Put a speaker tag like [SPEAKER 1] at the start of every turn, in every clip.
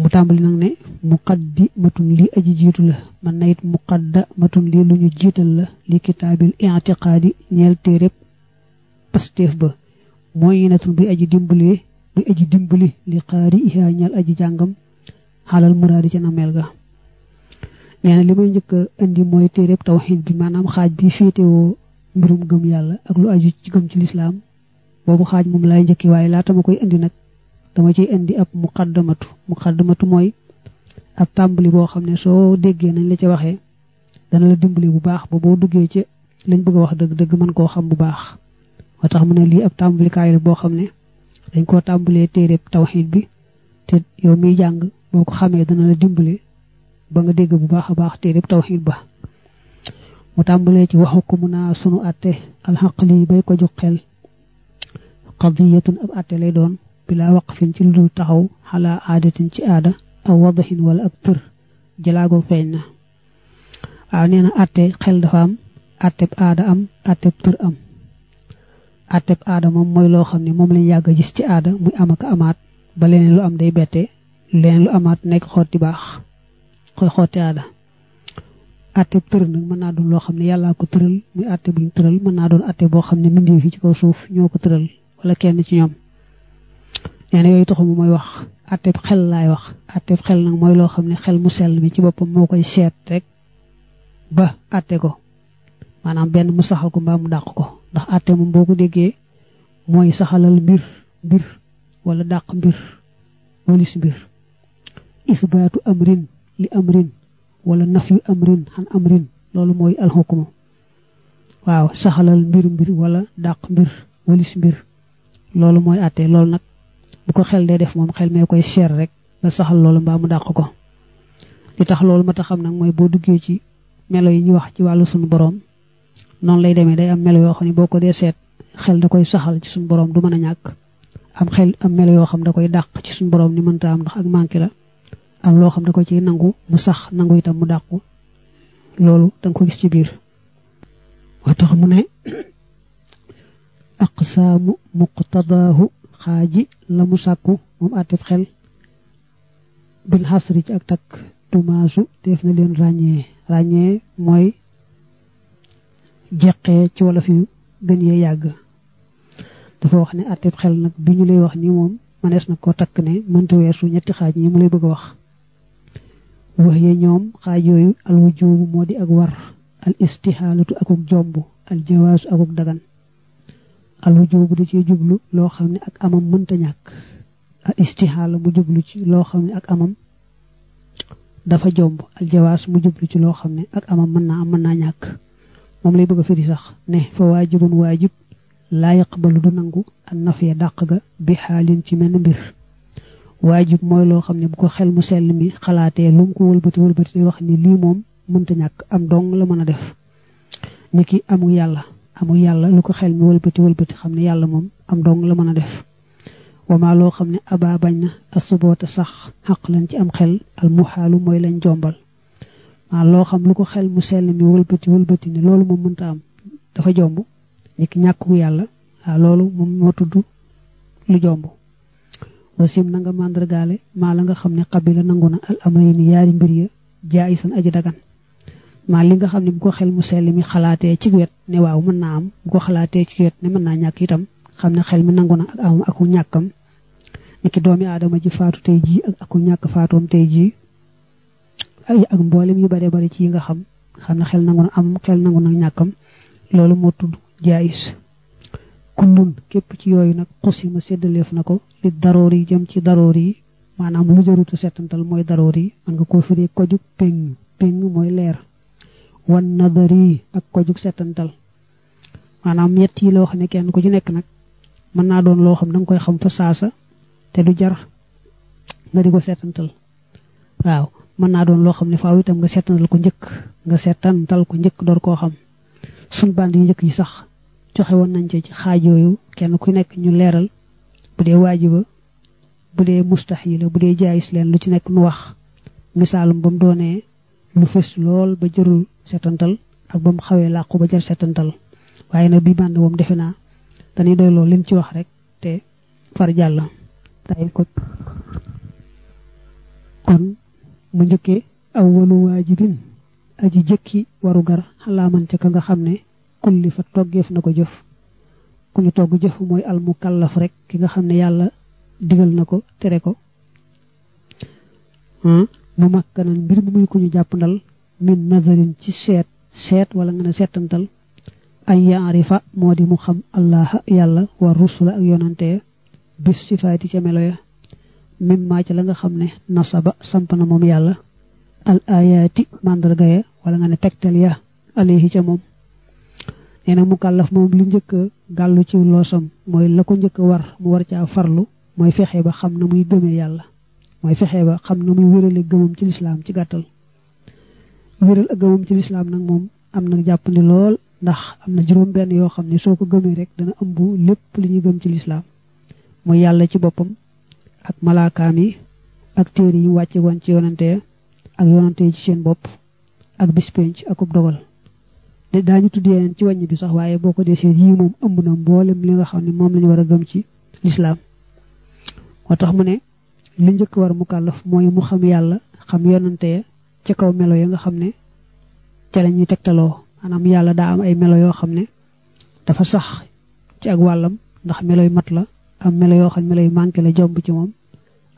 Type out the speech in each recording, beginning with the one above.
[SPEAKER 1] mu tambali nak ne muqaddimatun li aji jitu la man nayit muqaddamatun li luñu jital la li kitabil i'tiqadi ñel tereb pastef ba moyinatun bi aji dimbali bi aji dimbali li qari'iha iha ñal aji jangam halal muradi ci namel ga neena limay ñëk andi moy tereb tawhid bi manam xaj bi fété wo mbirum gëm yalla ak lu aji ci gëm ci l'islam bobu xaj mum lay ñëk way la tamakoy andi nak dama ciy indi ab muqaddamatu muqaddamatu mooy ab tàmbali boo xam ne soo déggee nañ la ca waxee dana la dimbali bu baax ba boo duggee ca lañ bëgg a wax dëgg-dëgg mën koo xam bu baax moo tax mu ne lii ab tàmbalikaay la boo xam ne dañ koo tàmbalee téereb tawxiid bi te yow miy jàng boo ko xamee dana la dimbali ba nga dégg bu baax a baax téereb tawxiid ba mu tàmbalee ci waxu ko mun naa sunu atte alxaq lii bay ko jox xel qadiyatun ab atte lay doon bila waqfin ci lu taxaw ala adatin ci aada aw wadhin wal ab jalaago jëlaagoo feeñ neena waaw atte xel dafa am atteb aada am atteb tur am atteb aada mom moy lo xamni mom lañ gis ci aada muy am ak amaat ba leneen lu am day bété leneen lu amat nek xoti bax koy xoti aada atteb tur nak man na do lo xamni yalla ko teural muy atte buñ teural man na do atte bo xamni mindi fi ci kaw suuf ñoko teural wala kenn ci ñom ñane yoy taxu moy wax atep xel lay wax atep xel nak moy lo xam ne xel mu sel mi ci bopam mo koy set rek ba até ko manam ben mu saxal ko mbam dakk ko ndax até mu boo déggé moy saxalal bir bir wala dakbir, mbir walis bir isbatu amrin li amrin wala nafyu amrin han amrin moy al alxukuma waaw saxalal mbir mbir wala dakbir, mbir walis mbir lolu moy até lolu nak bu ko xel dee def moom xel mee koy cher rek ba saxal loolu mbaa mu dàq ko li tax loolu ma taxam nag mooy boo duggee ci melo yi ñu wax ci wàllu sunu borom noonu lay demee day am melo yoo xam ne boo ko dee seet xel da koy saxal ci sunu borom du mën a ñàkk am xel am melo yoo xam da koy dàq ci sunu borom ni mënta am ndax ak manki la am loo xam da ko ciy nangu mu sax nangu itam mu dàqu loolu da ko gis ci biir wa tax mu ne aqsaamu muqtadaahu xaaji la sàkku moom àtteb xel bil ci ak takk tumaasu def na leen ràññee ràññee mooy jeqee ci wolof yu gën yee yàgg dafa wax ne àtteb xel nag bi ñu lay wax nii moom mënees na ko takk ne mënta weesu ñetti xaaj ñi mu lay bëgg a wax wax ye ñoom xaaj yooyu al wujubu moo di ak war al ak akuk jomb al jawaasu akuk dagan alwujubu da cee jublu loo xam ne ak amam mënta ñàkk al istihaala mu jublu ci loo xam ne ak amam dafa jomb aljawaas mu jublu ci loo xam ne ak amam mën naa am mën naa ñàkk moom lay bëgg a firi sax ne fa waajibun waajib laa yaqbalu du nangu an nafiya dàq ga bi xaalin ci menn mbir waajib mooy loo xam ne bu ko xel mu sell mi xalaatee lu mu ko wëlbati wëlbati day wax ni lii moom mënta ñàkk am dong la mën a def ni ki amul yàlla amul yàlla lu ko xel mi wëlbati wëlbati xam ne yàlla mom am dong la mën def wama lo xamne aba bañna bañ sax haq lañ ci am xel al muxaalu moy lañ jombal ma lo xam lu ko xel mu sell mi wëlbati wëlbati ni loolu mom mënta am dafa jombu nek ñàkku yàlla a loolu mom mo tuddu lu jomb wasim na nga mandragalé ma la nga xamne qabila nanguna al amayni yari mbir ya jaayisan aji dagan ma li nga xamni bu ko xel mu sel mi xalaté ci wet ne waaw mën na am bu ko xalaté ci wet ne mën na ñak itam xamna xel mi nanguna na ak am aku ñakam niki doomi adama ji faatu tay ji ak aku ñak faatuum tay ji ay ak mbolim yu bare bare ci nga xam xamna xel nanguna am xel nanguna na lolu mo tudd jaayis kullun kep ci yoyu nak xusima seddelef nako li darori jëm ci darori manam lu jëru tu setantal moy darori man nga koo ko juk peng peng moy leer wan nadari ak ko jug setantal maanaam ñett yi loo xam ne kenn ku ci nekk nag mën naa doon loo xam da nga koy xam fa saasa te du jar nga ko setantal waaw mën naa doon loo xam ne faaw itam nga ko njëkk nga setantal ko njëkk door koo xam suñ band yu njëkk yi sax joxe woon nañ ci ci xaaj kenn ku nekk ñu leeral bu dee waajiba bu dee mustaxila bu dee jaayis leen lu ci nekk nu wax misaalum ba mu doonee lu fës lool ba jërul setantal ak ba xawee làqu ba jar setantal waaye nag bi bànd moom defe naa dañuy doy lool lim ci wax rek te far jàll tayil ko kon mu njëkkee awwalu waajibin aji jëkki warugar xalaaman ca ka nga xam ne kulli fa toggeef na ko jëf ku ñu togg jëf mooy al mukallaf rekk ki nga xam ne yàlla digal na ko tere ko hmm? mu makkanan mbir mu muy ko ñu min nazarin ci set set wala nga ne setantal ay ya'rifa modi mu xam allah yalla wa rusula ak yonante ya, bis sifati ci melo ya ma ci la nga xam ne nasaba sampana mom yalla al ayati màndarga ya wala nga ne tektal ya alayhi ci mom nee mu kallaf mom lu njëkk gàllu ci losam moy la ko war mu war ci farlu moy fexé ba xam na muy yalla mooy fexe ba xam na muy wérale gëmam ci lislaam ci gàttal wéral ak gëmam ci lislaam nag moom am na jàppandi lool ndax am na juróom benn yoo xam ne soo ko gëmee rek dana ëmb lépp li ñu gëm ci lislaam mooy yàlla ci boppam ak malaakaam yi ak téere yi wàcce woon ci yonante ak yonante yi ci seen bopp ak bispenc ak ub dogal de daañu tudd yeneen ci wàññ bi sax waaye boo ko dee seet yii moom ëmb na mboolem li nga xam ne moom lañu ñu war a gëm ci lislaam moo tax mu ne li njëkk war mu kàllaf mooy mu xam yàlla xam yonante ya ci kaw melo ya nga xam ne ca la ñuy tegtaloo maanaam yàlla daa am ay melo yoo xam ne dafa sax ci ak wàllam ndax melo yu mat la am melo yoo xam melo yu manqué la jomb ci moom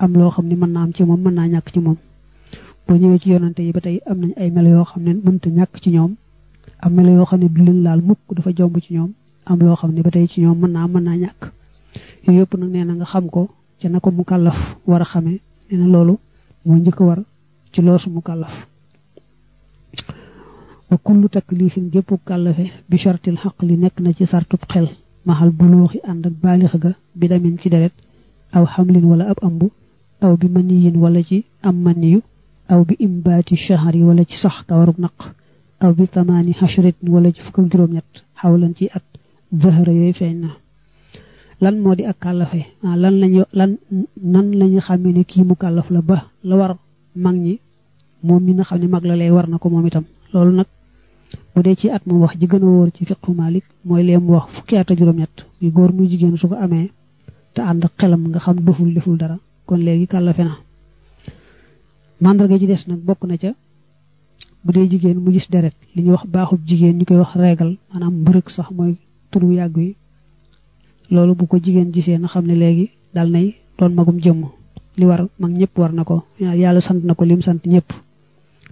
[SPEAKER 1] am loo xam ne mën naa am ci moom mën naa ñàkk ci moom boo ñëwee ci yonante yi ba tey am nañ ay melo yoo xam ne mënta ñàkk ci ñoom am melo yoo xam ne du leen dafa jomb ci ñoom am loo xam ne ba tey ci ñoom mën naa mën naa ñàkk yëpp nag nee na nga xam ko ci nako mukallaf wara xame a lolu mo ñëk war ci loosu mukallaf wa kullu taklifin gépp kàllafe bi shartil haqq li nek na ci sartu xel maxal bulooxi ànd ak baalix ga bi damin ci deret aw hamlin wala ab ambu aw bi maniyin wala ci am maniyu aw bi imbati shahri wala ci sax kawarug naq aw bi tamaani hashrat wala ci fukk juróom ñet hawlan ci at dhahra yooyu feeñ lan modi di ak kalafé eh. ah, lan lañ lan nan lañ xamé ni kii mu kalaf la ba la war mag ñi moom mi nga mag la lay war na mom itam loolu nak bu dé ci at mu wax ji gëna wor ci fiqh malik moy lém wax fukki at juroom ñett yu goor muy jigen su ko amee te xelam nga xam doful deful dara kon légui kalafé na màndarga ci dess nak bokku na ca bu dé jigen, mu gis deret li ñuy wax baaxu jigen ñu koy wax régal manam mbërëg sax moy turu yàgg lolu bu ko jigen gisee na xamne legi dal nay don magum jëm li war mag ñepp war nako ko ya- sant nako lim sant ñepp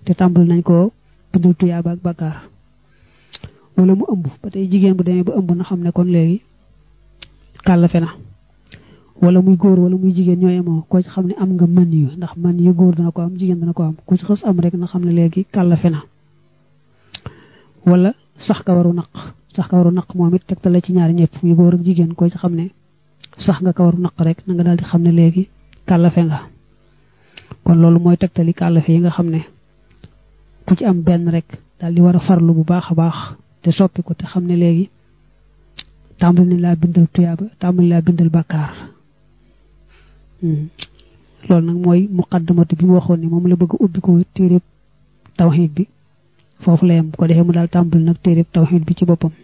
[SPEAKER 1] te tambul nañ ko tuya ba ak wala mu ëmb ba jigen jigéen bu demé bu ëmb na xamne kon legi kala na wala muy goor wala muy jigen ñoy yemoo ko ci xamne am nga man yu ndax man yu goor dana ko am jigen dana ko am ku ci xoss am rek na xamne legi wala sax ka waru naq sax kawaru naq moom it tegtale ci ñaari ñëpp muy góor ak jigéen ko ci xam ne sax nga kawaru naq rek na nga daal di xam ne léegi kàllafe nga kon loolu mooy tegtali kàllafe yi nga xam ne ku ci am benn rek daal di war a farlu bu baax a baax te soppi ko te xam ne léegi tàmbali ni laa bindal tuyaaba tàmbali laa bindal bàkkaar hmm. loolu nag mooy muqaddamatu bi mu waxoon ni moom la bëgg a ubbi ko téereb tawxiid bi foofu la yem bu ko defee mu daal tàmbali nag téereb tawxiid bi ci boppam